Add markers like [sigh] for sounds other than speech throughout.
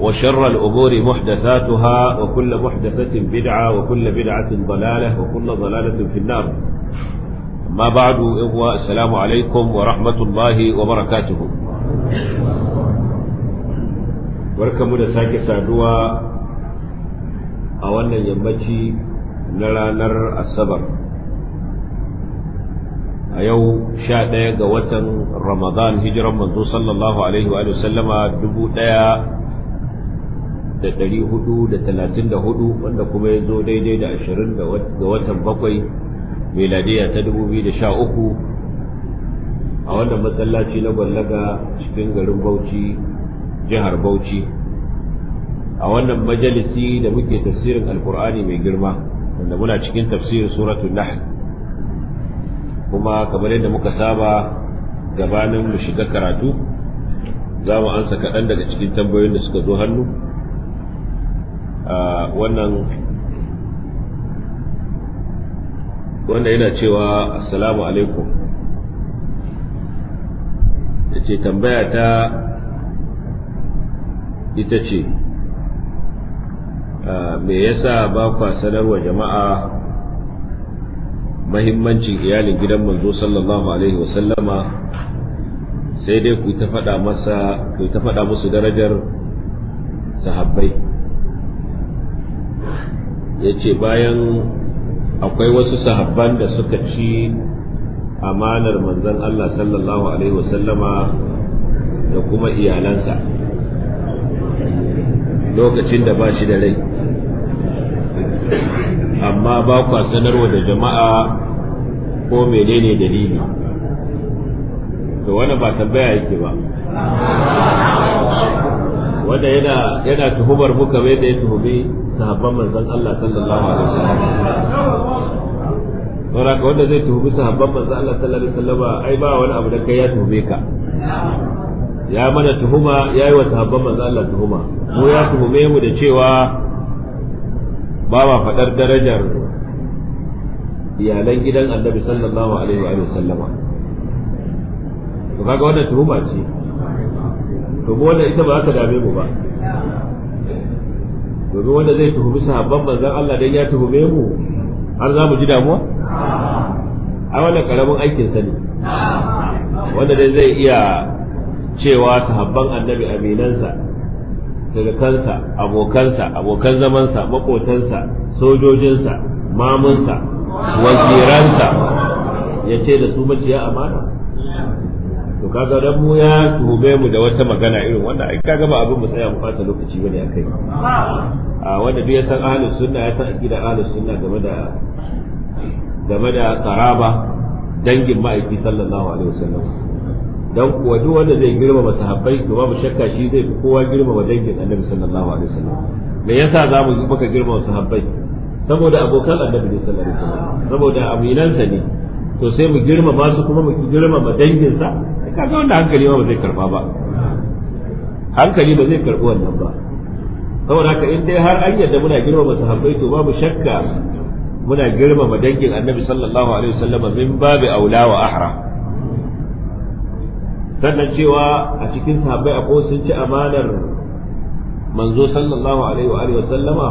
وشر الأمور محدثاتها وكل محدثة بدعة وكل بدعة ضلالة وكل ضلالة في النار ما بعد إخوة السلام عليكم ورحمة الله وبركاته barkamu da sake saduwa a wannan yammaci na ranar asabar a yau sha ɗaya ga watan ramadan hijiran manzo sallallahu alaihi wa sallama dubu ɗaya da ɗari hudu da talatin da hudu wanda kuma ya zo daidai da ashirin ga watan bakwai ladiya ta dubu biyu da sha uku a wannan masallaci na gwallaga cikin garin bauchi jihar bauchi a wannan majalisi da muke tafsirin alkur'ani mai girma wanda muna cikin tafsirin suratu nahl kuma kamar yadda muka saba gabanin mu shiga karatu za mu ansa kaɗan daga cikin tambayoyin da suka zo hannu wannan wanda yana cewa assalamu alaikum ya tambaya ta ita ce me yasa ba kwa sanarwa jama'a mahimmancin iyalin gidan manzo sallallahu alaihi wasallama sai dai ku ta faɗa masa ta faɗa musu darajar sahabbai ya ce bayan akwai wasu sahabban da suka ci amanar manzan Allah sallallahu alaihi wasallama da kuma iyalansa lokacin da ba shi da rai amma ba kwa sanarwa da jama'a ko menene dalili to wani ba tambaya yake ba wanda yana tuhumar muka bai da ya tuhumi sahabban manzon Allah sallallahu alaihi wasallam saboda ka wanda zai tuhumi sahabban manzon Allah sallallahu alaihi wasallam ai ba wani abu da kai ya tuhume ka ya mana tuhuma ya yi wa sahabban manzon Allah tuhuma ko ya tuhume mu da cewa ba ma faɗar darajar iyalan gidan annabi sallallahu alaihi wa sallama to kaga wannan tuhuma ce to mu wannan ita ba za ta dame mu ba domin wanda zai tuhumi sahabban manzan Allah dan ya tuhume mu har za mu ji damuwa a wannan karamin aikin sa ne wanda dai zai iya cewa sahabban annabi aminansa kansa abokansa abokan zamansa makotansa sojojinsa mamunsa waziransa ya ce da su maciya amana to kaga dan mu ya tube mu da wata magana irin wanda ai kaga ba abin mu tsaya mu fata lokaci bane akai a wanda duk ya san ahlus sunna ya san akida ahlus sunna game da game da karaba dangin ma'aiki sallallahu alaihi wasallam dan kuwa duk wanda zai girmama sahabbai to babu shakka shi zai fi kowa girmama dangin annabi sallallahu alaihi wasallam me yasa zamu yi maka girmama sahabbai saboda abokan annabi ne sallallahu alaihi wasallam saboda aminansa ne to sai mu girmama su kuma mu girmama danginsa kaga wanda hankali ba zai karba ba hankali ba zai karbi wannan ba saboda haka in dai har an yadda muna girmama sahabbai to babu shakka muna girmama dangin annabi sallallahu alaihi wasallam min babu aula wa ahra sannan cewa a cikin sahabbai akwai sun ci amanar manzo sallallahu alaihi wa sallama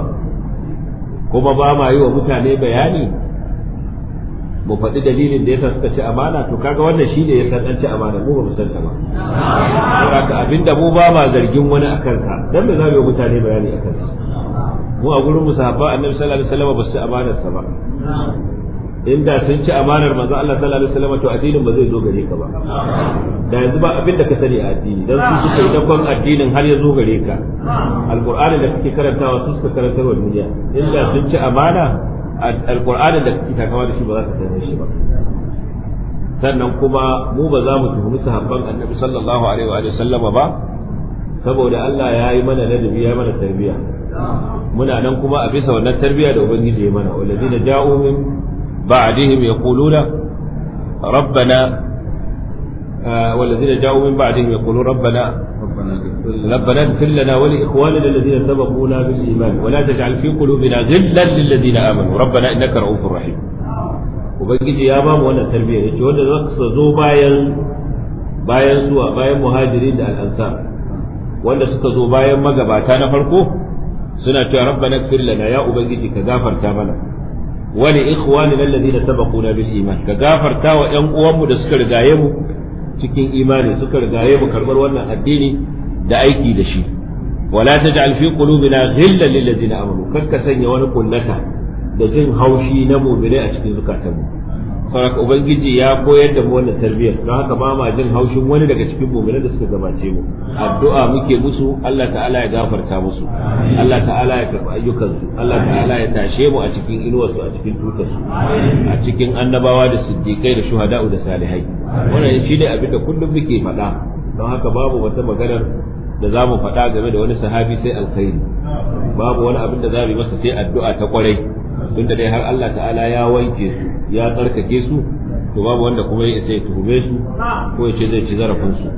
kuma ba ma yi wa mutane bayani mu faɗi dalilin da yasa suka ci amana to kaga wannan shi ne ya san an ci amana mu ba mu san ta ba saboda abinda mu ba ma zargin wani akan kanka dan me zamu yi mutane bayani akan sa mu a gurin mu sahaba annabi sallallahu alaihi wasallam ba su ci amanar sa ba inda sun ci amanar manzo Allah sallallahu alaihi wasallam to addinin ba zai zo gare ka ba da yanzu ba abin da ka sani a addini dan su suka yi dakon addinin har ya zo gare ka alqur'ani da kake karantawa su suka karantar wa duniya inda sun ci amana alƙur'anin da kake takawa da shi ba za ka same shi ba sannan kuma mu ba za mu tuhumi sahabban annabi sallallahu alaihi wa sallama ba saboda Allah ya yi mana ladabi ya mana tarbiyya muna nan kuma a bisa wannan tarbiya da ubangiji ya mana walladina ja'u min ba'dihim yaquluna rabbana walladina ja'u min ba'dihim yaquluna rabbana ربنا اغفر لنا ولاخواننا الذين سبقونا بالايمان ولا تجعل في قلوبنا غلا للذين امنوا ربنا انك رؤوف رحيم ubangiji ya ba mu wannan tarbiyyar yace wanda za su zo bayan bayan zuwa bayan muhajirin da al'ansar wanda suka zo bayan magabata na farko suna cewa rabbana ighfir lana ya ubangiji ka gafarta mana wa li ikhwanina alladhina sabaquna bil iman ka gafarta wa ƴan uwanmu da suka rigaye mu cikin imani suka rigaye mu karbar wannan addini da aiki da shi wala taj'al fi qulubina ghillan lil ladina amanu kakka sanya wani kullata da jin haushi na mu'mini a cikin zukatanmu saboda ubangiji ya koyar da mu wannan tarbiyyar don haka ba ma jin haushin wani daga cikin mu'minan da suka gabace mu addu'a muke musu Allah ta'ala ya gafarta musu Allah ta'ala ya karɓi ayyukan su Allah ta'ala ya tashe mu a cikin inuwar su a cikin dukkan su a cikin annabawa da siddiqai da shuhada'u da salihai wannan shi ne abin da kullum muke faɗa don haka babu wata maganar da za mu faɗa game da wani sahabi sai alkhairi babu wani abin da za mu yi masa sai addu'a ta kwarai tunda dai har Allah ta'ala ya wanke su ya tsarkake su to babu wanda kuma ya isa ya tuhume su ko ya ce zai ci zarafin su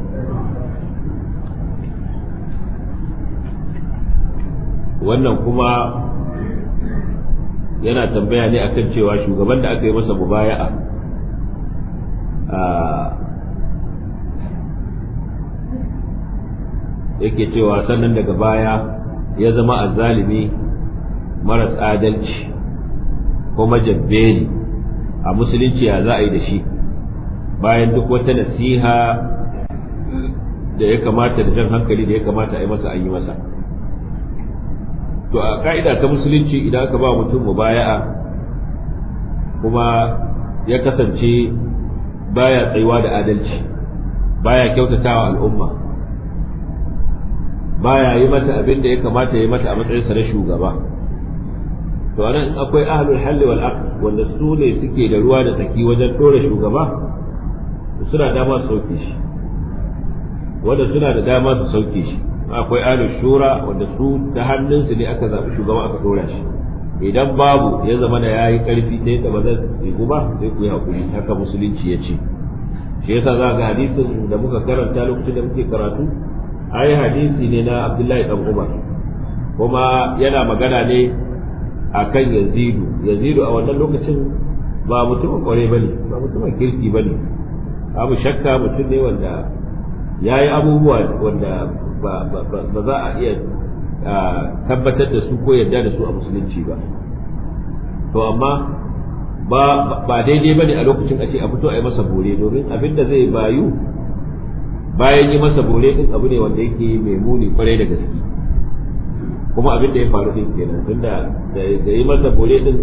wannan kuma yana tambaya ne akan cewa shugaban da aka yi masa mubaya'a yake cewa sannan daga baya ya zama azzalimi maras adalci kuma jabbeli a musulunci ya za a yi da shi bayan duk wata nasiha da ya kamata da jan hankali da ya kamata a yi masa an yi masa to a ka'ida ta musulunci idan aka ba mutum mubaya'a kuma ya kasance baya tsayuwa da adalci baya kyautatawa al'umma baya yi mata abin da ya kamata ya yi mata a matsayinsa na shugaba to anan akwai ahlul halli wal aqd wanda su ne suke da ruwa da tsaki wajen ɗora shugaba suna dama su sauke shi wanda suna da dama su sauke shi akwai alu shura wanda su ta hannunsu ne aka zaɓi shugaba aka ɗora shi idan babu ya zama da ya yi ƙarfi ta yadda ba zai tsiku ba sai ku yi haƙuri haka musulunci ya ce shi yasa za ga hadisin da muka karanta lokacin da muke karatu ai hadisi ne na abdullahi dan umar kuma yana magana ne akan yazidu yazidu a wannan lokacin ba mutumin kware bane ba mutumin kirki bane abu shakka mutum ne wanda ya yi abubuwa wanda ba za a iya tabbatar da su ko yadda da su a musulunci ba to amma ba daidai ba ne a lokacin a ce a fito a yi masa bore domin abin da zai bayu bayan yi masa bore din abu ne wanda yake mai muni kwarai da gaske kuma abin da ya faru din kenan tunda da yi masa bore din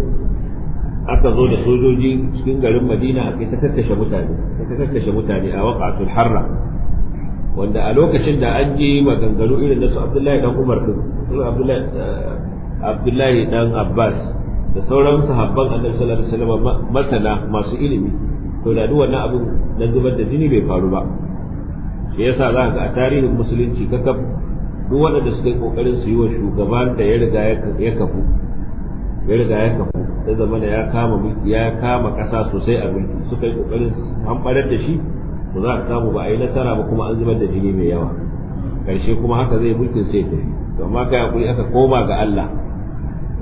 aka zo da sojoji cikin garin madina a ta kakkashe mutane ta kakkashe mutane a waqatul harra wanda a lokacin da an ji maganganu irin nasu abdullahi dan umar din eh, abdullahi dan abbas da sauran sahabban annabi sallallahu alaihi wasallam masana masu ilimi to da duk wannan abin na zubar da jini bai faru ba shi yasa za ka ga a tarihin musulunci kakab duk waɗanda suka yi ƙoƙarin su yi wa shugaban da ya riga ya kafu ya riga ya kafu sai zama da ya kama ya kama ƙasa sosai a mulki suka yi kokarin hamɓarar da shi to za a samu ba a yi nasara ba kuma an zubar da jini mai yawa karshe kuma haka zai mulkin sai tafi to amma kai hakuri aka koma ga Allah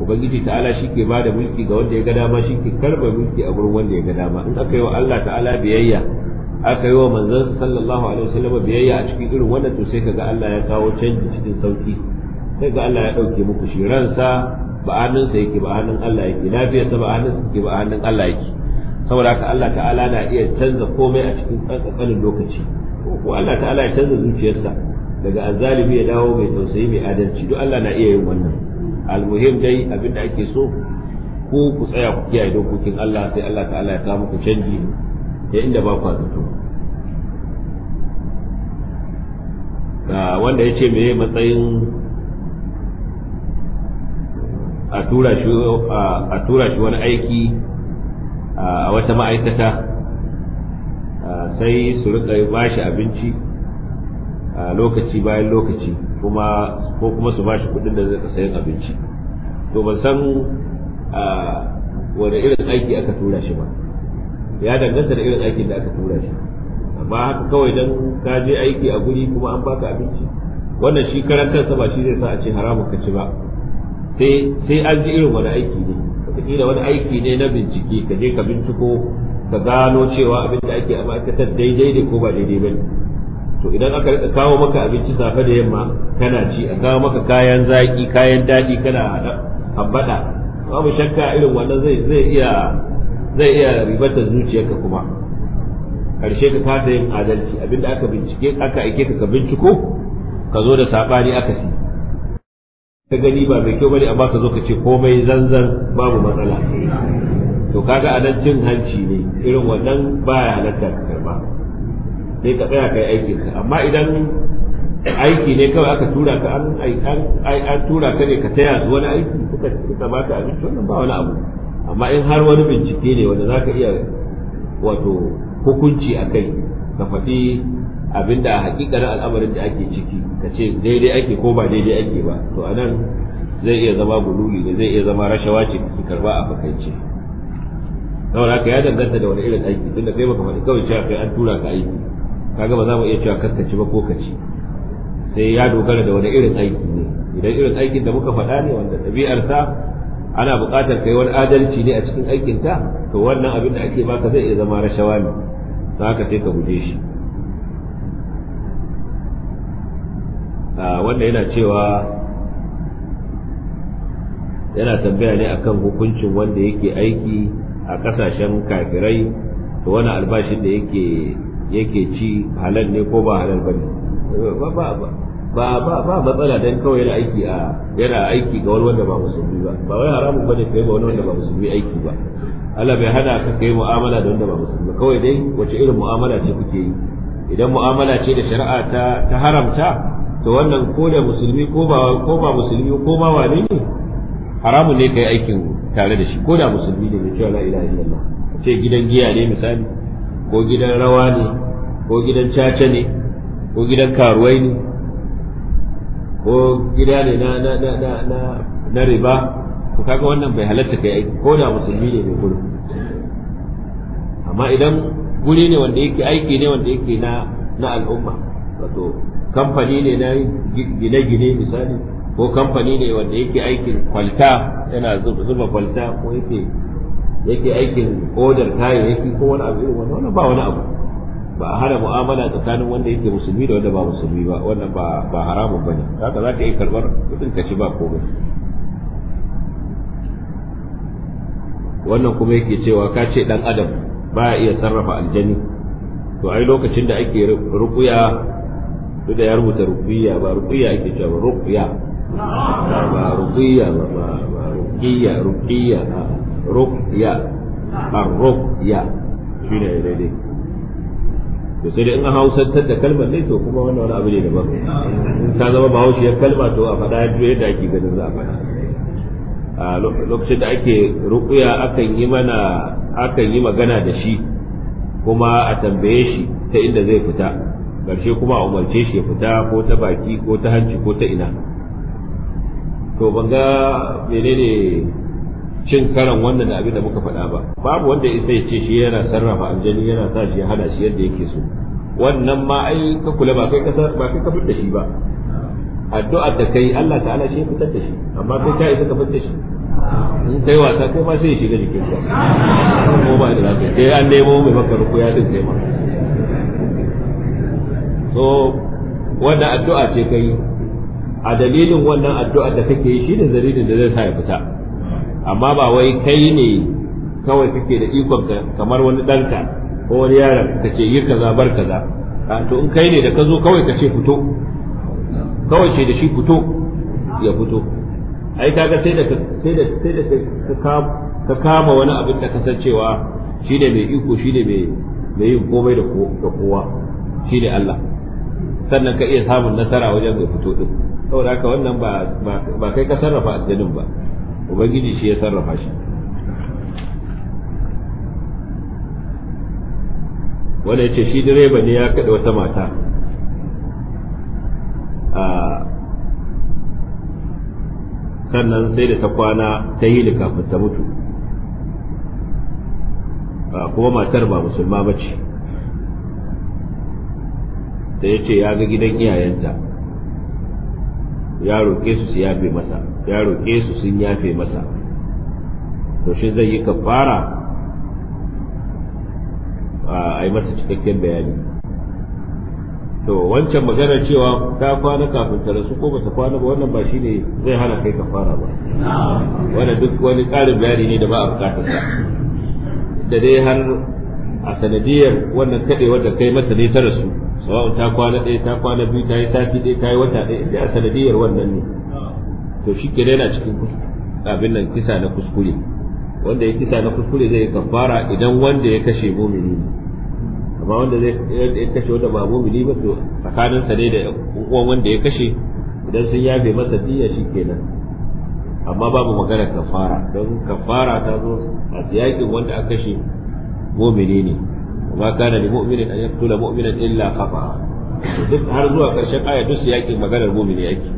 ubangiji ta'ala shi ke bada mulki ga wanda ya ga dama shike karba mulki a gurin wanda ya ga dama in aka yi wa Allah ta'ala biyayya aka yi wa manzon sallallahu alaihi wasallam biyayya a cikin irin wannan to sai kaga Allah ya kawo canji cikin sauki sai ga Allah ya dauke muku shi ransa ba sa yake ba hannun Allah yake sa ba sa yake ba hannun Allah yake saboda haka Allah ta'ala na iya canza komai a cikin kankanin lokaci ko Allah ta'ala ya canza zuciyarsa daga azalibi ya dawo mai tausayi mai adalci duk Allah na iya yin wannan almuhim dai abin da ake so ko ku tsaya ku kiyaye dokokin Allah sai Allah ta'ala ya kawo muku canji ya inda ba ku zato wanda ya ce mai matsayin a tura shi wani aiki a wata ma'aikata sai su rika ba shi abinci lokaci bayan lokaci ko kuma su ba shi kudin da zai sayan abinci to ban san wani irin aiki aka tura shi ba ya danganta da irin aikin da aka tura shi ba haka kawai dan ka je aiki a guri kuma an baka abinci wannan shi karantarsa ba shi zai sa a ce haramun ka ci ba sai an ji irin wani aiki ne wataƙila wani aiki ne na bincike ka je ka binciko ka gano cewa abin da ake a ma'aikatar daidai ne ko ba daidai ba to idan aka rika kawo maka abinci safe da yamma kana ci a kawo maka kayan zaki kayan daɗi kana habbada babu shakka irin wannan zai iya zai iya ribatar zuciyarka kuma karshe ka fata yin adalci abinda aka bincike aka aike ka ka binciko ka zo da sabani aka si ka gani ba mai kyau bane amma ka zo ka ce komai zanzan babu matsala to kaga anan cin hanci ne irin wannan baya halatta ka karba sai ka tsaya kai aikin ka amma idan aiki ne kawai aka tura ka an an tura ka ne ka taya su wani aiki suka suka baka abinci wannan ba wani abu amma in har wani bincike ne wanda zaka iya wato hukunci a kai ka faɗi abin a hakikanin al'amarin da ake ciki ka ce daidai ake ko ba daidai ake ba to a nan zai iya zama gululi ne zai iya zama rashawa ce ki karba a fakaice saboda haka ya danganta da wani irin aiki tunda kai baka faɗi kawai cewa kai an tura ka aiki kaga ba za mu iya cewa kakkaci ba ko kaci sai ya dogara da wani irin aiki ne idan irin aikin da muka faɗa ne wanda ɗabi'arsa ana buƙatar kai wani adalci ne a cikin aikinta to wannan abin da ake baka zai iya zama rashawa ne za ka sai ka guje shi wanda yana cewa yana tambaya ne akan hukuncin wanda yake aiki a kasashen kafirai da wani albashin da yake ci halal ne ko ba halal ba ne ba a matsala don kawai yana aiki a yana aiki ga wani wanda ba musulmi ba ba wai haramun bane kai ba wani wanda ba musulmi aiki ba Allah bai hana ka kai mu'amala da wanda ba musulmi kawai dai wace irin mu'amala ce kuke yi idan mu'amala ce da shari'a ta ta haramta to wannan ko da musulmi ko ba ko ba musulmi ko ba wani ne haramun ne kai aikin tare da shi ko da musulmi ne cewa la ilaha illallah ce gidan giya ne misali ko gidan rawa ne ko gidan caca ne ko gidan karuwai ne ko gida ne na na na na riba ku kaga wannan bai halatta kai aiki ko da musulmi ne mai gurbi amma idan guri ne wanda yake aiki ne wanda yake na na al'umma wato kamfani ne na gine-gine misali ko kamfani ne wanda yake aikin kwalta yana zuba kwalta ko yake yake aikin odar kayayyaki ko wani abu irin wannan ba wani abu ba a hana mu'amala tsakanin wanda yake musulmi da wanda ba musulmi ba wannan ba haramun bane haka za ka yi karbar kudin ka ci ba komai wannan kuma yake cewa ka ce dan adam ba ya iya sarrafa aljani to ai lokacin da ake rukuya duk da ya rubuta rukuya ba rukuya ake cewa rukuya ba rukuya ba ba rukuya rukiya rukuya a rukuya ne daidai to sai dai in hausantar da kalmar ne to kuma wannan wani abu ne daban in ta zama bahaushe kalma to a faɗa yadda ake ganin za a faɗa lokacin da ake rukuya akan yi mana akan yi magana da shi kuma a tambaye shi ta inda zai fita ƙarshe kuma a umarce shi ya fita ko ta baki ko ta hanci ko ta ina to ban ga menene cin karan wannan da abin da muka faɗa ba babu wanda isa ya ce shi yana sarrafa aljani yana sa shi ya hada shi yadda yake so wannan ma ai ka kula ba kai ka ba kai ka shi ba addu'ar da kai Allah ta'ala shi fitar da shi amma kai kai suka fitar shi in kai wasa kai ma sai ya shiga jikin ka ko ba da lafiya sai an nemo mai maka ruku ya din kai ma so wannan addu'a ce kai a dalilin wannan addu'ar da kake yi shine dalilin da zai sa ya fita amma ba wai kai ne kawai kake da ikon kamar wani ɗanka ko wani yaron ka ce yi kaza bar kaza to in kai ne da ka zo kawai ka ce fito kawai ce da shi fito ya fito ai kaga sai da sai da sai da ka kama wani abin da kasancewa shi ne mai iko shi ne mai yin komai da kowa shi ne Allah sannan ka iya samun nasara wajen mai fito din saboda haka wannan ba kai ka sarrafa aljanin ba ubangiji shi ya sarrafa shi wanda ya ce shi direba ne ya kaɗa wata mata sannan sai da ta kwana ta yi kafin ta mutu kuma matar ba musulma ba ce da ya ce ya ga gidan iyayenta ya roƙe su su yafe masa ya roƙe su sun yafe masa to shi zai yi kafara a yi masa cikakken bayani to wancan maganar cewa ta kwana kafin ta rasu ko bata kwana ba wannan ba shi ne zai hana kai ka fara ba wanda duk wani ƙarin bayani ne da ba a bukatar sa da dai har a sanadiyar wannan kaɗe wanda kai mata ne ta rasu sawa'un ta kwana ɗaya ta kwana biyu ta yi sati ɗaya ta yi wata ɗaya da a sanadiyar wannan ne to shi ke yana cikin abin nan kisa na kuskure wanda ya kisa na kuskure zai kafara idan wanda ya kashe mumini ne amma wanda zai ya kashe wanda ba mumini ba to tsakaninsa ne da uwan wanda ya kashe idan sun yafe masa diya kenan amma babu magana kafara don kafara ta zo a siyakin wanda aka kashe mumini ne amma kana da mu'mini an yaqtula mu'minan illa khata duk har zuwa karshen aya duk siyakin maganar mumini yake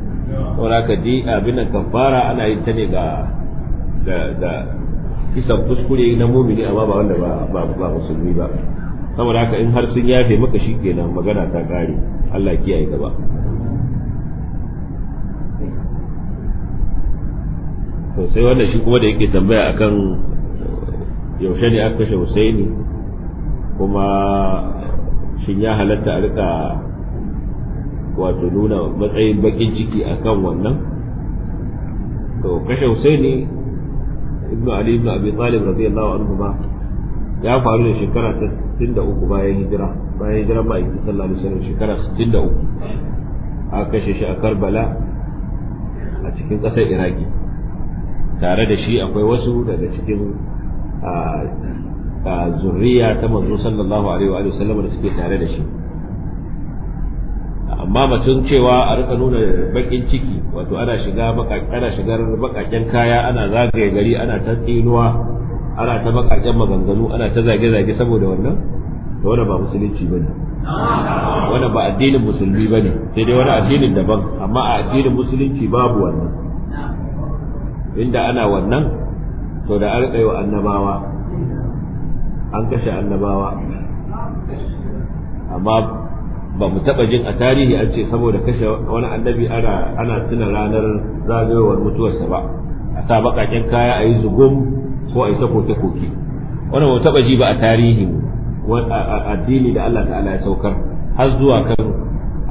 saboda ka di abin kafara ana yin ta ne ga da kisan kuskure na mumini amma ba wanda ba musulmi ba saboda haka in har sun yafe maka shi magana ta kare Allah kiyaye gaba to sai wannan shi kuma da yake tambaya akan eh, yaushe ne aka kashe Husaini kuma shin ya halatta a rika wato nuna matsayin bakin ciki akan wannan to kashe Husaini ibnu Ali ibnu Abi Talib radiyallahu anhu ba ya faru da shekara ta 63 bayan hijira bayan hijira ba yi sallallahu da wasallam shekara 63 a kashe shi a Karbala a cikin ƙasar Iraki tare da shi akwai wasu daga cikin zurriya ta manzo sallallahu alaihi wa sallam da suke tare da shi amma batun cewa a rika nuna bakin ciki wato ana shiga baka ana shigar kaya ana zagaye gari ana tantinuwa ana ta bakaken maganganu ana ta zage-zage saboda wannan da wani ba musulunci ba ne wani ba addinin musulmi ba ne sai dai wani addinin daban amma a addinin musulunci babu wannan inda ana wannan to da an wa annabawa an kashe annabawa amma ba mu taɓa jin a tarihi an ce saboda kashe wani annabi ana tuna ranar zagayowar mutuwarsa ba a sa bakaken kaya a yi zugum ko a yi ta koke-koke wannan mu taɓa ji ba a tarihin addini da Allah ta'ala ya saukar har zuwa kan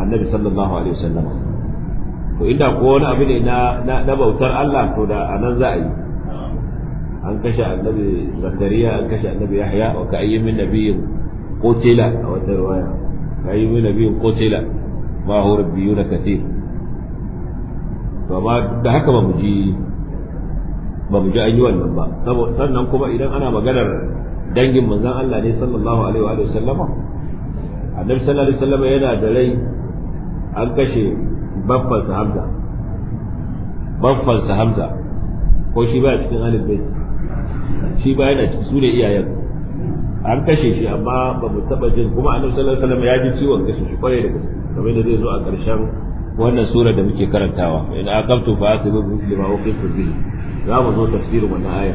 annabi sallallahu alaihi wasallam to inda ko wani abu ne na na bautar Allah to da anan za a yi an kashe annabi zakariya an kashe annabi yahya wa ka ayyimin nabiyyin qutila a wata riwaya ka ayyimin nabiyyin qutila ma hu rabbiyuna katir to ba da haka ba mu ji ba mu ji an yi wannan ba sannan kuma idan ana maganar dangin manzon Allah ne sallallahu alaihi wa sallama annabi sallallahu alaihi sallama yana da rai an kashe babban sa Hamza babban sa Hamza ko shi ba cikin alif bai shi ba yana cikin sune iyayen an kashe shi amma ba mu taba jin kuma annabi sallallahu alaihi wasallam ya ji ciwon kashe shi kwarai da gaske kamar da zai zo a ƙarshen wannan sura da muke karantawa idan aqamtu fa asibu muslima wa qitu bihi za mu zo tafsirin wannan aya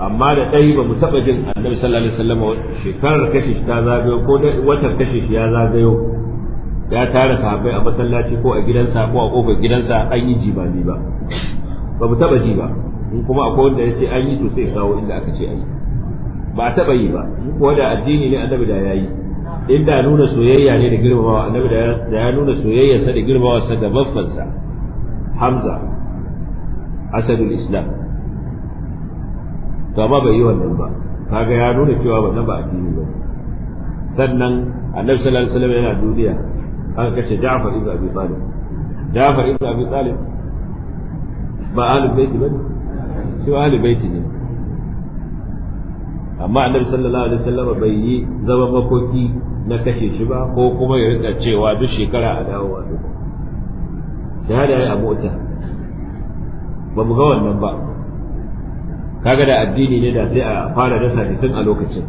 amma da ɗai ba mu taɓa jin annabi sallallahu alaihi wasallam shekarar kashe ta zagayo ko watan kashe ya zagayo ya tara sahabbai a masallaci ko a gidansa ko a kofar gidansa an yi jibani ba ba mu taɓa ji ba in kuma akwai wanda ya ce an yi to sai kawo inda aka ce an yi ba a taɓa yi ba kuwa da addini ne annabi da ya yi inda nuna soyayya ne da girmamawa annabi da ya nuna soyayyarsa da girmamawa sa ga babbansa hamza Asalin islam to amma bai yi wannan ba kaga ya nuna cewa ba na ba addini ba sannan annabi sallallahu alaihi wasallam yana duniya aka kace Ja'far ibn Abi Talib Ja'far ibn Abi Talib ba ahlul baiti ba shi ahlul baiti ne amma annabi sallallahu alaihi wasallam bai yi zama makoki na kashe shi ba ko kuma ya rika cewa duk shekara a dawowa duk Da ya abota ba mu ga wannan ba kaga da addini ne da sai a fara dasa shi tun a lokacin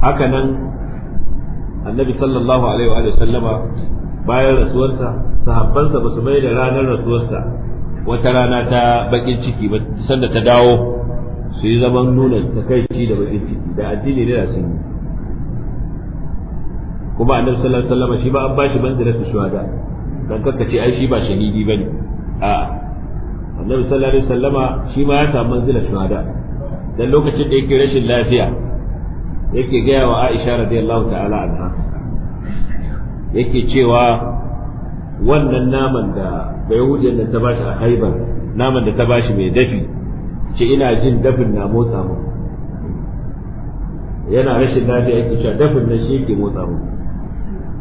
haka nan annabi sallallahu alaihi wa sallama bayan rasuwarsa sahabbansa ba su mai da ranar rasuwarsa wata rana ta bakin ciki ba sanda ta dawo su yi zaman nuna ta ci da bakin ciki da addini ne da sun yi kuma annabi sallallahu alaihi sallama shi ba an bashi manzilar shuhada dan kakkace ce ai shi ba shahidi bane annabi sallallahu alaihi wasallama shi ma ya samu manzila shuhada dan lokacin da yake rashin lafiya yake gaya wa Aisha radiyallahu ta'ala anha yake cewa wannan naman da bayahudiyar da ta bashi a haibar naman da ta bashi mai dafi ce ina jin dafin na motsa mu yana rashin lafiya yake cewa dafin na shi yake motsa mu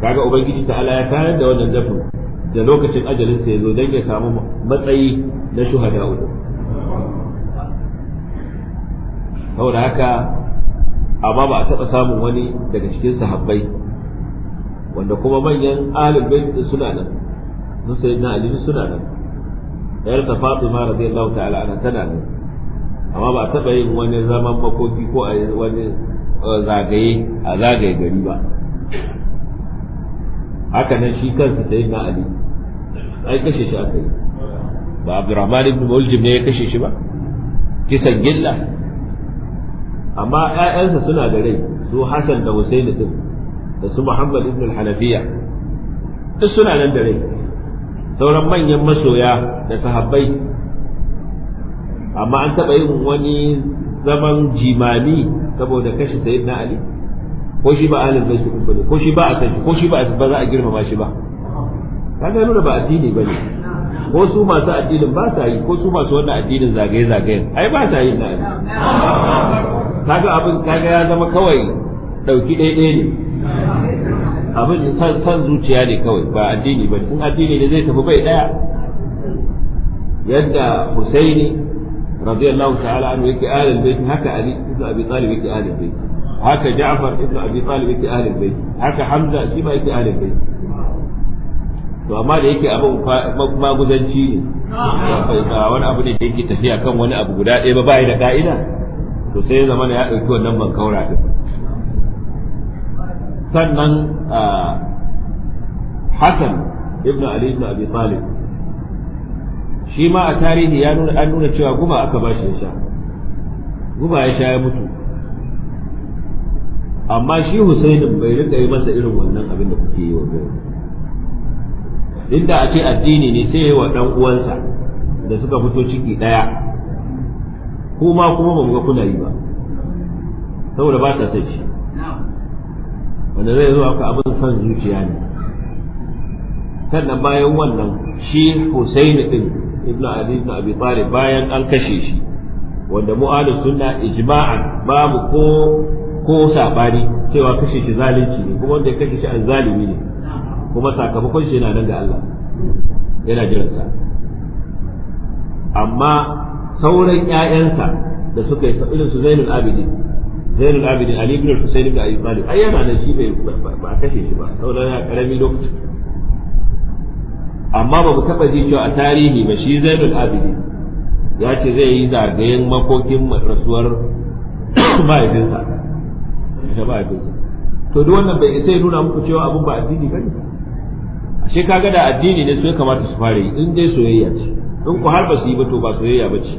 kaga ubangiji ta'ala ya tayar da wannan dafin da lokacin ajalinsa ya zo don ya samu matsayi na shuhada uku saboda haka amma ba a taɓa samun wani daga cikin sahabbai wanda kuma manyan bai bait suna nan sun sai na ali suna nan yar da fatima radiyallahu ta'ala anha tana nan amma ba a taɓa yin wani zaman makoki ko a wani uh, zagaye a zagaye gari ba haka nan shi kansa sai na ali ai kashe shi aka yi ba abdurrahman ibn muljim ne ya kashe shi ba kisan gilla amma ƴaƴansa suna da rai su hasan da husaini din da su muhammad ibn hanafiya duk suna nan da rai sauran manyan masoya da sahabbai amma an taɓa yin wani zaman jimami saboda kashe sayyidina ali ko shi ba ahlul bait ko shi ba a san shi ko shi ba za a girmama shi ba kaga nuna ba addini bane ko su masu addinin ba sa yi ko su masu wannan addinin zagaye zagaye ai ba sa yi na kaga abin kaga ya zama kawai dauki daidai ne abin san san zuciya ne kawai ba addini bane in addini ne zai tafi bai daya yadda Husaini radiyallahu ta'ala anhu yake ahlul bait haka Ali ibn Abi Talib yake ahlul bait haka Ja'far ibn Abi Talib yake ahlul bait haka Hamza shi ba yake ahlul bait to amma da yake abin maguzanci ne wani abu ne da yake tafiya kan wani abu guda ɗaya ba ba da ka'ida to sai ya zama ya ɗauki wannan ban kaura ɗin sannan Hassan ibn Ali ibn Abi Talib shi ma a tarihi ya nuna an nuna cewa guba aka ba shi ya sha guba ya sha ya mutu amma shi Husainin bai rika yi masa irin wannan abin da kuke yi wa gari inda a ce addini ne sai yi wa dan uwansa da suka fito ciki ɗaya, ko kuma kuma ba ga kuna yi ba saboda ba ta sai wanda zai zo aka abin son zuciya ne sannan bayan wannan shi Husaini din Ibn Ali ibn Abi Talib bayan an kashe shi wanda mu'alif sunna ijma'an babu ko ko sabani cewa kashe shi zalunci ne kuma wanda ya kashe shi azzalimi ne kuma sakamakon shi yana nan ga Allah yana jiransa amma sauran ƴaƴansa da suka yi irin su Zainul Abidin Zainul Abidin Ali ibn Husayn ibn Abi Talib ai yana nan shi bai ba kashe shi ba sauran ya karami lokaci amma ba mu taba ji cewa a tarihi ba shi Zainul Abidin ya ce zai yi zagayen makokin rasuwar [coughs] mahaifinsa da mahaifinsa to duk wannan bai sai nuna muku cewa abun ba addini bane ashe kaga da addini ne su ya kamata su fara yi in dai soyayya ce in ku har ba su yi ba to ba soyayya ba ce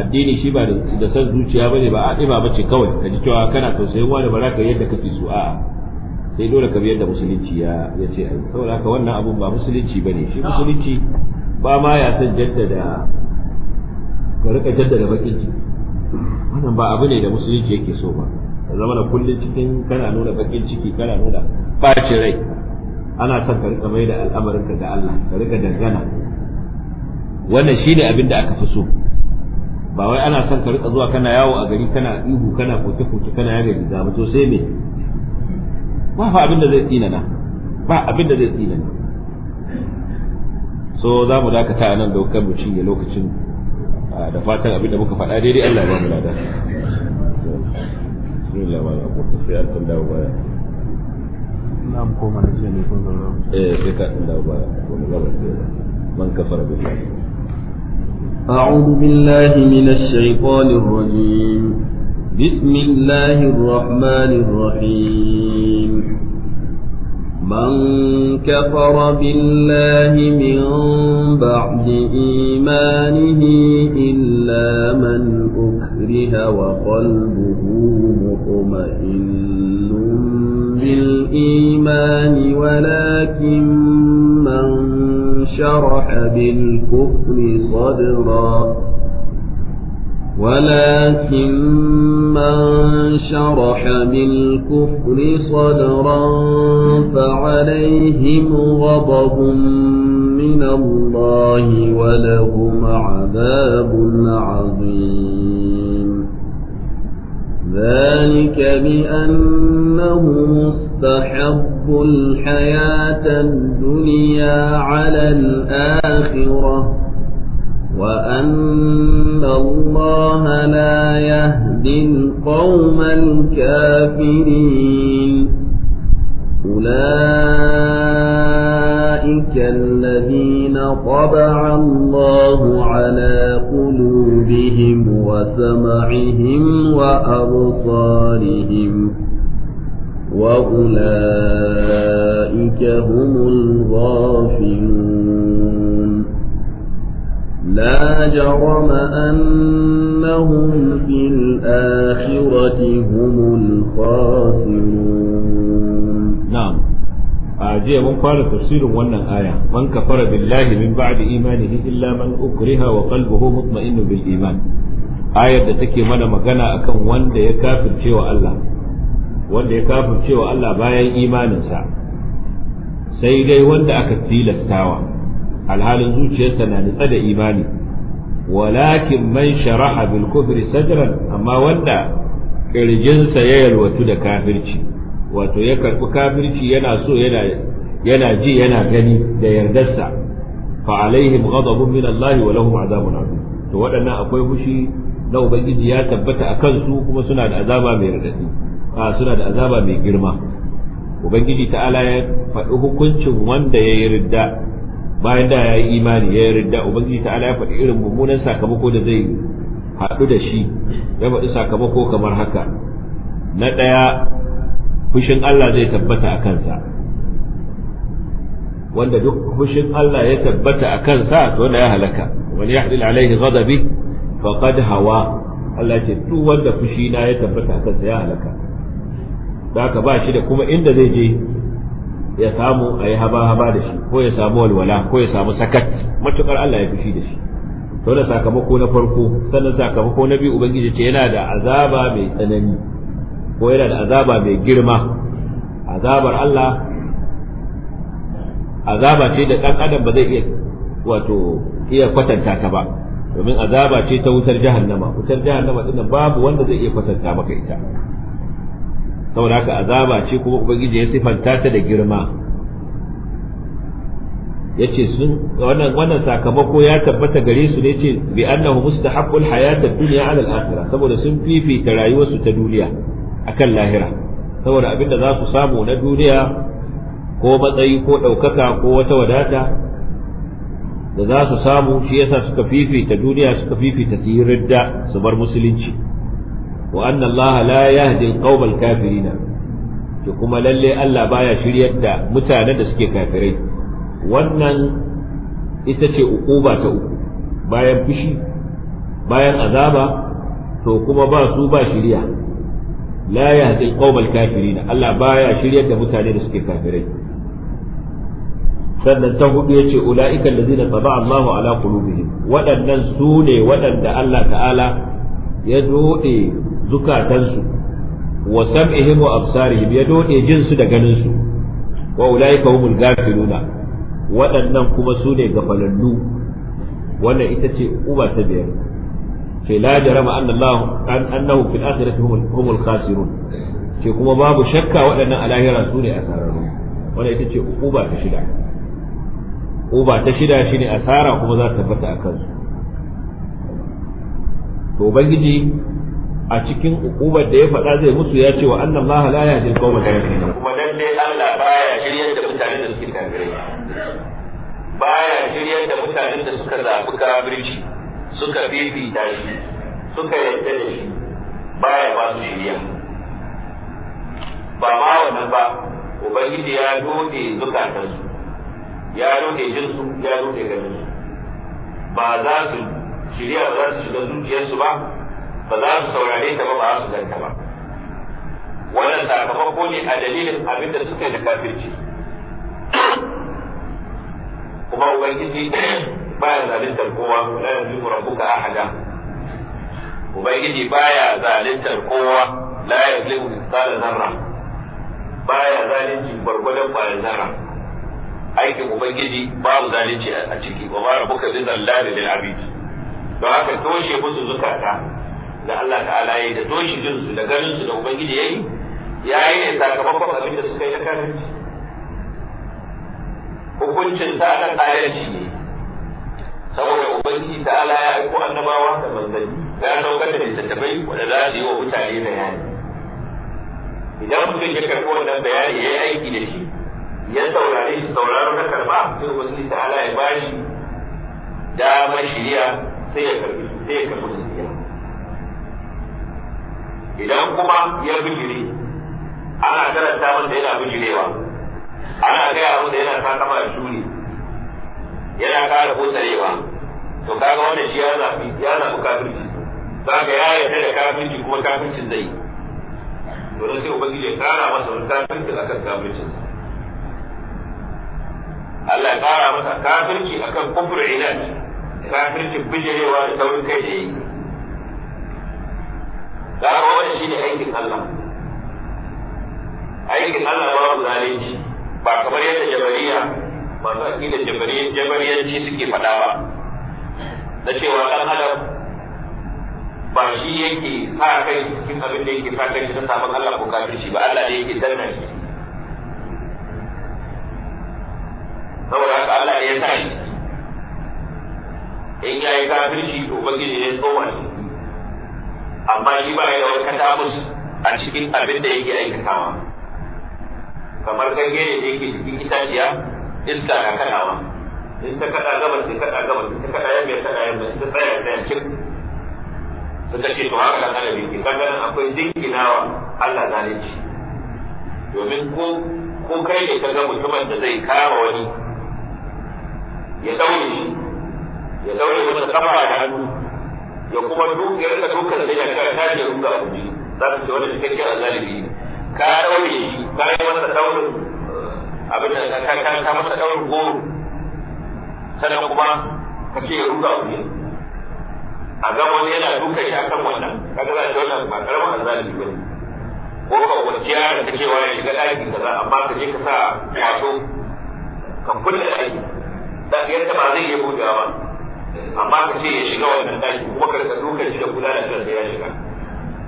addini shi ba da san zuciya ba ne ba a ɗima ba ce kawai ka ji cewa kana tausayin wani ba za ka yadda kake so a'a sai dole ka bi yadda musulunci ya ce a yi saboda haka wannan abun ba musulunci ba ne shi musulunci ba ma ya san jaddada ka rika jaddada bakin wannan ba abu ne da musulunci yake so ba zama da kullum cikin kana nuna bakin ciki kana nuna ɓacin rai ana son ka rika mai da al'amarinka ga Allah ka rika dangana wannan shine abin da aka fi so ba wai ana son ka rika zuwa kana yawo a gari kana ihu kana koke koke kana yaga riga ba to sai me ba fa abin da zai tsinana ba abin da zai tsinana so za mu dakata a nan daukar mu ne lokacin da fatan abin da muka faɗa daidai Allah ya ba mu lada bismillah wa rahmatullahi wa barakatuh نعم قوم على الجنة ايه فيك أنه من كفر بالله أعوذ بالله من الشيطان الرجيم بسم الله الرحمن الرحيم من كفر بالله من بعد إيمانه إلا من أكره وقلبه مطمئن الإيمان ولكن من شرح بالكفر صدرا ولكن من شرح بالكفر صدرا فعليهم غضب من الله ولهم عذاب عظيم ذلك بأنه مستحب الحياة الدنيا على الآخرة وأن الله لا يهدي القوم الكافرين أولئك أولئك الذين طبع الله على قلوبهم وسمعهم وأبصارهم وأولئك هم الغافلون لا جرم أنهم في الآخرة هم الخاسرون jiya mun fara tafsirin wannan aya man kafara billahi min ba'di imanihi illa man ukriha wa qalbuhu mutma'innun bil iman ayar da take mana magana akan wanda ya Allah wanda ya kafirce Allah bayan imaninsa sai dai wanda aka tilastawa alhalin zuciyarsa na nitsa da imani walakin man sharaha bil kufri sadran amma wanda kirjinsa ya yalwatu da kafirci wato ya karɓi kafirci yana so yana ji yana gani da yardarsa fa alaihim ghadabun min Allah wa lahum azabun azim to waɗannan akwai fushi na ubangiji ya tabbata a su kuma suna da azaba mai radadi a suna da azaba mai girma ubangiji ta'ala ya faɗi hukuncin wanda ya yi ridda bayan da ya yi imani ya yi ridda ubangiji ta'ala ya faɗi irin mummunan sakamako da zai haɗu da shi ya faɗi sakamako kamar haka na ɗaya fushin Allah zai tabbata a kansa wanda duk fushin Allah ya tabbata a kansa to wanda ya halaka wani ya hadil alaihi ghadabi faqad hawa Allah ce duk wanda fushi na ya tabbata a kansa ya halaka da ka ba shi da kuma inda zai je ya samu a yi haba-haba da shi ko ya samu walwala ko ya samu sakat matukar Allah ya fushi da shi to da sakamako na farko sannan sakamako na biyu ubangiji ce yana da azaba mai tsanani ko yana da azaba mai girma azabar Allah azaba ce da ɗan adam ba zai iya wato iya kwatanta ta ba domin azaba ce ta wutar jahannama wutar jahannama din babu wanda zai iya kwatanta maka ita saboda haka azaba ce kuma ubangiji ya sifanta ta da girma yace sun wannan wannan sakamako ya tabbata gare su ne ce bi annahu mustahabbul hayatad dunya ala al-akhirah saboda sun fifita rayuwarsu ta duniya akan lahira saboda abin da za ku samu na duniya ko matsayi ko ɗaukaka ko wata wadata da za su samu shi yasa suka fifita duniya suka fifita su yi ridda su bar musulunci wa anna Allah la yahdi al-qawm kafirin to kuma lalle Allah baya shiryar da mutanen da suke kafirai wannan ita ce ukuba ta uku bayan fushi bayan azaba to kuma ba su ba shiriya la yahdi alqawmal kafirin Allah baya shiryar da mutane da suke kafirai sannan ta hudu yace ulaika allazina taba Allahu ala qulubihim waɗannan su ne waɗanda Allah ta'ala ya doɗe zukatansu wa sam'ihim wa absarihim ya doɗe jinsu da ganin su wa ulaika humul waɗannan kuma su ne gafalallu wannan ita ce uba ta biyar ce la jarama annallahu annahu fil akhirati humul khasirun ce kuma babu shakka waɗannan alahira su ne asararru wanda ita ce uba ta shida uba ta shida shine asara kuma za ta tabbata a kansu to Bangiji, a cikin ukubar da ya faɗa zai musu ya ce wa annan Allah la yahdil qawma zalimin kuma lalle Allah baya shiryar da mutanen da suke kafirai baya shiryar da mutanen da suka zafi kafirci suka fifita shi suka yadda da shi baya ba su shirya ba ma wannan ba ubangiji ya dode zukatansu ya dode jinsu ya dode ganinsu ba za su shirya ba za su shiga zuciyarsu ba ba za su saurare ta ba ba za su zanta ba wannan sakamako ne a dalilin abin da suka yi da kafirci kuma ubangiji baya zaluntar kowa la yazlimu rabbuka ahada ubangiji baya zaluntar kowa la yazlimu mithqala zarra baya zalunci gwargwadon bayan zarra aikin ubangiji babu zalunci a ciki wa ba rabbuka da lil abid don haka toshe musu zukata da Allah ta'ala yayi da toshe jinsu da ganin su da ubangiji yayi yayi ne sakamakon abin da suka yi na kafirci hukuncin ta na shi ne saboda ubangiji ta ala ya aiko annabawa da manzanni ya saukar da littattafai wanda za su yi wa mutane bayani idan mutum ya karɓi wannan bayani ya yi aiki da shi ya saurare shi sauraro na karɓa sai ubangiji ta ala ya bashi damar shirya sai ya karɓi sai ya karɓi gaskiya idan kuma ya bijire ana karanta wanda yana bijirewa ana gaya masa yana sakama da shuri yana ƙara hotsarewa to kaga wannan shi ya zafi ya zafi kafirci zaka ya yarda da kafirci kuma kafircin zai to don sai ubangiji ya ƙara masa wani kafirci kan kafircin Allah ya ƙara masa kafirci akan kufur ilal kafircin bijirewa da saurin kai da yi kaga wannan ne aikin Allah aikin Allah babu zalunci ba kamar yadda jabariya masu aƙidar jabariyanci suke faɗa ba na cewa ɗan adam ba shi yake sa kai cikin abin da yake sa kai cikin sabon Allah ko shi ba Allah ne yake danna shi saboda haka Allah ne ya sa shi in ya yi kafin shi to kafirci ubangiji ne tsohon amma shi ba ya da wani katabus a cikin abin da yake aikatawa kamar gange ne da yake cikin itaciya iska na kadawa in ta kada gabas sai kada gabas in ta kada yamma kada yamma in ta tsaya tsaya cin suka ce to haka kan alabi ki kan nan akwai dinkinawa Allah zalunci domin ko ko kai ne ga mutumin da zai kama wani ya ɗaure shi ya daure masa kafa da hannu ya kuma duk ya rika dukkan da ya kai ta ce a abuji za su ce wani cikakken azalibi ka daure shi ka yi masa daurin abin da ka ka ka masa daurin goro sannan kuma ka ce ya ruga ku a ga wani yana duka shi akan wannan kaga za ta wannan ba karamin azali ba ko ka wuce ya da cewa ya shiga ɗakin kaza amma ka je ka sa wato ka kulle ɗaki da yadda ba zai iya buɗewa ba amma ka ce ya shiga wannan ɗaki kuma ka ka duka shi da kula da kansa ya shiga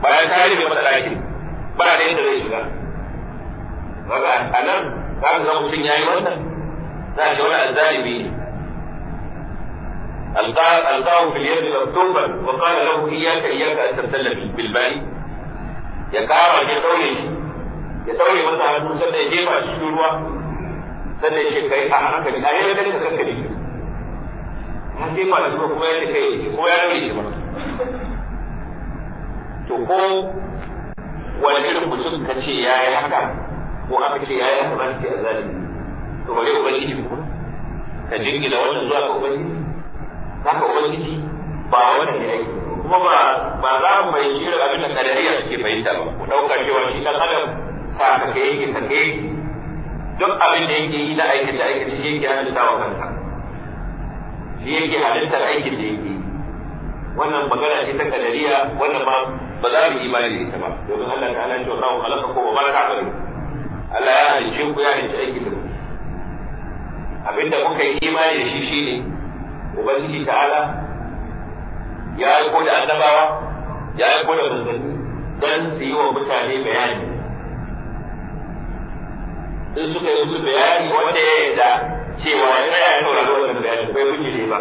bayan ta rufe masa ɗaki ba da yadda zai shiga kaga a nan بعد ما قلت يا ولد ده جواء الذالبين ألقاه في اليد مكتوبا وقال له إياك إياك أن تبتل بالبالي يا كارا يتولي يتولي مثلا أنه سنة جيبا الشلوة سنة شكا يتحرك من أهل ذلك تذكري حسيما لكم خواتي كي خواتي كي تقوم وليل خصوص كشي يا حكام ko aka ce yayi aka ba a zalimi to bare ubangiji ku ka da wannan zuwa ga ubangiji haka ubangiji ba wannan ne aiki kuma ba ba za mu bai jira abin da ce suke fahimta ba ku dauka cewa shi dan adam ka ka ke yake ka ke? duk abin da yake yi na aikin da aikin shi yake halitta wa kanka shi yake ta aikin da yake yi wannan magana ce ta kadariya wannan ba ba za mu imani da ita ba domin Allah ta'ala ya ce wa khalaqa ko wa baraka Allah ya hanci ku ya hanci aikin da abinda kuka yi imani da shi shi ne ubangiji ta'ala ya ko da annabawa ya ko da manzanni don su yi wa mutane bayani in suka yi su bayani wanda ya yarda cewa ya tsaya ya da wannan bayani bai bijire ba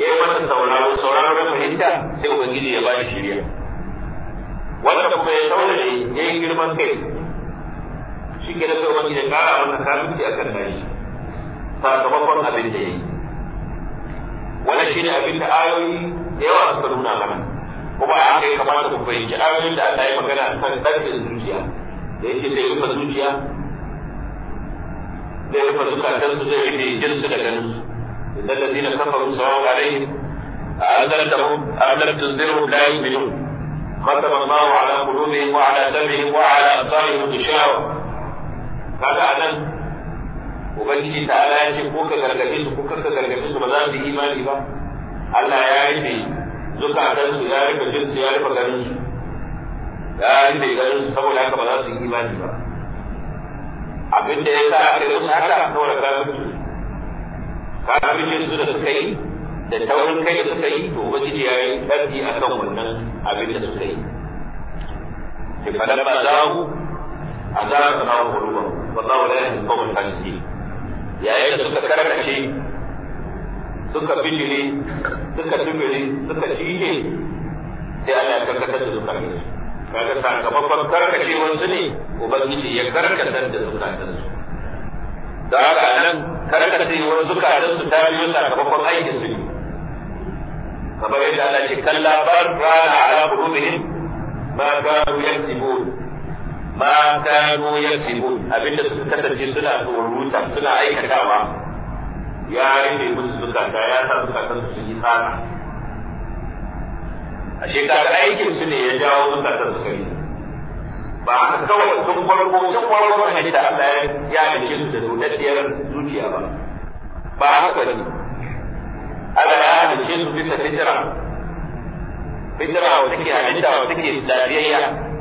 ya yi wata sauraro sauraro da fahimta sai ubangiji ya ba shi shirya wanda kuma ya saurare ya yi girman kai shi ke da sauran gida ƙara masa kafirci a kan nashi sakamakon abin da ya yi wani shi ne abin da ayoyi da yawa suka nuna mana kuma a haka ya kamata ku fahimci ayoyin da Allah ya magana kan ƙarfin zuciya da yake da rufe zuciya zai rufe zukatansu zai rufe jinsu da ganinsu إن الذين كفروا سواء عليهم أأنذرتهم أم لم تنذرهم لا يؤمنون ختم الله على قلوبهم وعلى سمعهم وعلى أبصارهم غشاوة kaga anan ubangiji ta ala ya ce ko ka gargaɗe su ko ka gargaɗe su ba za su yi imani ba Allah ya yi rufe zukatan su ya rufe jin su ya rufe garin su ya rufe garin su saboda haka ba za su yi imani ba abin da ya sa a kai musu haka saboda Kafin kafircin su da suka yi da taurin kai da suka yi to ubangiji ya yi ɗarfi a kan wannan abin da suka yi. Ki faɗa ba za ku azaba ta mahu qulubuhum wallahu la yahdi al-qawm al-fasiqin yayin da suka karkace suka bijire suka dubire suka shige sai Allah ya karkatar da zukatansu kaga sakamakon karkace wasu ne ubangiji ya karkatar da zukatansu da haka nan karkace wasu zukatansu ta biyo sakamakon aikin su kamar yadda Allah ya kalla bar rana ala qulubihim ma kanu yaktubun ma kanu yaksibun abinda suka kasance suna rubuta suna aikatawa ya rinde musu zukata ya sa san su yi tsara a shekara aikin su ne ya jawo san su kai ba a kawai sun farko sun farko ne da Allah ya dace su da dodaddiyar zuciya ba ba haka ne Allah ya dace su bisa fitira fitira wata ke halitta wata ke lafiyayya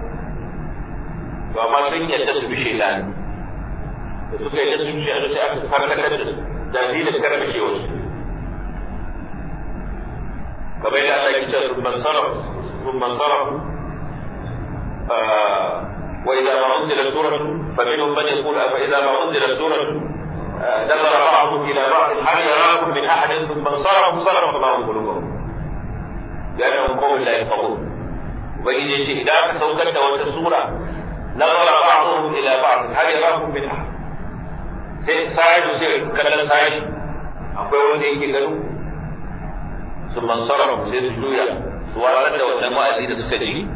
to amma sun yadda su bi shaidan da suka yadda su bi shaidan sai aka karkatar da su da zilin karkace wasu kamar yadda Allah ya ce rubban sarf rubban sarf وإذا ما أنزلت سورة فمنهم من يقول فإذا ما أنزلت سورة نظر بعضهم إلى بعض هل يراكم من أحد ثم انصرفوا صرف الله قلوبهم لأنهم قوم لا يفقهون ubangiji ce idan aka saukar da wata sura نظر بعضهم الى بعض هل يراكم من احد sai sai su sai kallon sai akwai wanda yake gano su mansara sai su juya su warar da wannan wa'azi da suka ji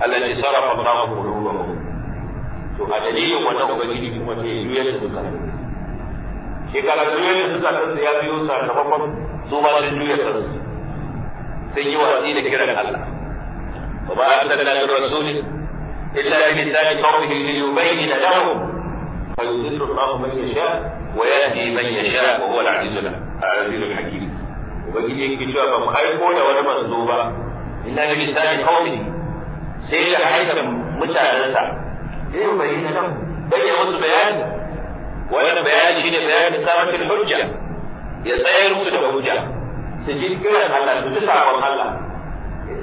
alladhi sarafa to a dalilin wannan ubangiji kuma sai juya juya su suka ya biyo su juya sun yi da kiran Allah wa إلا بلسان قومه ليبين لهم فيذل الله من يشاء ويهدي من يشاء وهو العزيز العزيز الحكيم ubangiji yake cewa ba mu aiko da wani manzo ba illa bi lisani qawmi sai da harshen mutanensa sai bayyana nan dan ya musu bayani wannan bayani shine bayanin sabatul hujja ya tsayar musu da hujja su ji kiran Allah su ji sabon Allah